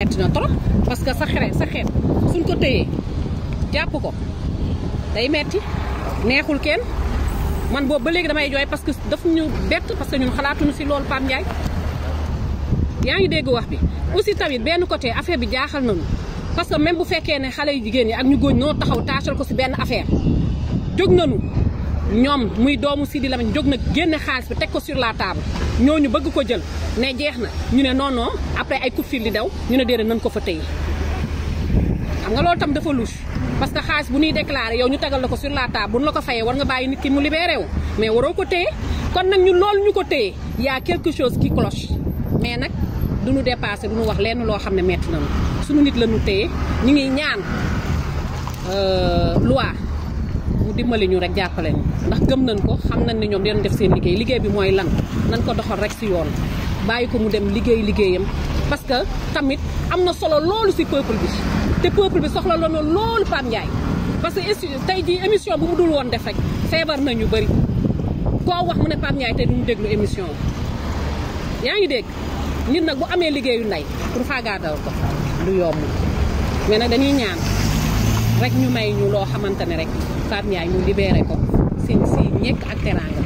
metti na trop parce que sa xere suñ ko téyee jàpp ko day metti neexul kenn man boobu ba léegi damay jooy parce que daf ñu bett parce que ñun xalaatuñu si loolu Pape Ndiaye yaa ngi dégg wax bi aussi tawit benn côté affaire bi jaaxal nañu parce que même bu fekkee ne xale yu jigéen ñi ak ñu góoñ noo taxaw taachal ko si benn affaire jóg nañu ñoom muy doomu Sidi Lamine jóg na génn xaalis bi teg ko sur la ñoo ñu bëgg ko jël ne jeex na ñu ne non non après ay coup de fil di daw ñu ne déedéet nañ ko fa tëye xam nga loolu tam dafa louche parce que xaalis bu ñuy déclaré yow ñu tagal la ko sur la table bu ñu la ko fayee war nga bàyyi nit ki mu libéré wu mais waroo ko téye kon nag ñu loolu ñu ko téye yaa a quelque chose qui cloche mais nag du ñu dépassé du ñu wax lenn loo xam ne metti na suñu nit la ñu téye ñu ngi ñaan euh, loi boobu dimbali ñu rek jàppale ñu ndax gëm nañ ko xam nañ ne ñoom dinañ def seen liggéey liggéey bi mooy lan nañ ko doxal rek si yoon bàyyi ko mu dem liggéey liggéeyam parce que tamit am na solo loolu si peuple bi te peuple bi soxla la loolu Pape Ndiaye parce que tey ji émission bu mu dul woon def rek feebar nañu bëri koo wax mu ne Pape Ndiaye te du mu déglu émission yaa ngi dégg nit nag bu amee liggéeyu ndey pour faagaadal ko du yomb mais nag dañuy ñaan rek ñu may ñu loo xamante ne rek Fatou Ndiaye ñu libéré ko si si ñekk ak teraanga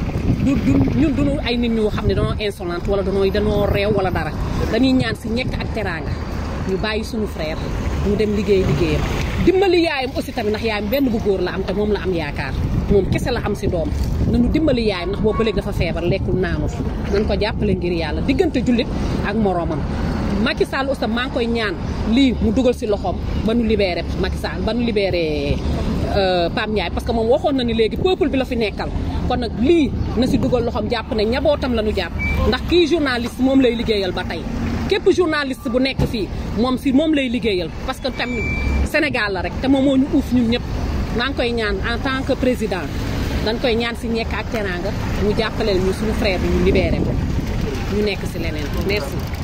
du du ñun duñu ay nit ñu xam ne danoo insolente wala danoo danoo réew wala dara dañuy ñaan si ñekk ak teraanga ñu bàyyi suñu frère mu dem liggéey liggéeyam dimbali yaayam aussi tamit ndax yaayam benn bu góor la am te moom la am yaakaar moom kese la am si doom na nanu dimbali yaayam ndax boo ba léegi dafa feebar lekkul naanu fi nan ko jàppale ngir yàlla diggante jullit ak moroomam Macky Sall aussi maa ngi koy ñaan lii mu dugal si loxoom ba nu libéré Macky Sall ba nu libéré euh, paam Ndiaye parce que moom waxoon na ni léegi peuple bi la fi nekkal kon nag lii na si dugal loxoom jàpp ne ñabootam la nu jàpp ndax kii journaliste moom lay liggéeyal ba tey képp journaliste bu nekk fii moom si moom lay liggéeyal parce que tamit Sénégal la rek te moom moo ñu uuf ñun ñëpp maa ngi koy ñaan en tant que président dañ koy ñaan si ñekk ak teraanga mu jàppaleel ñu suñu frère bi ñu libéré ko ñu nekk si leneen merci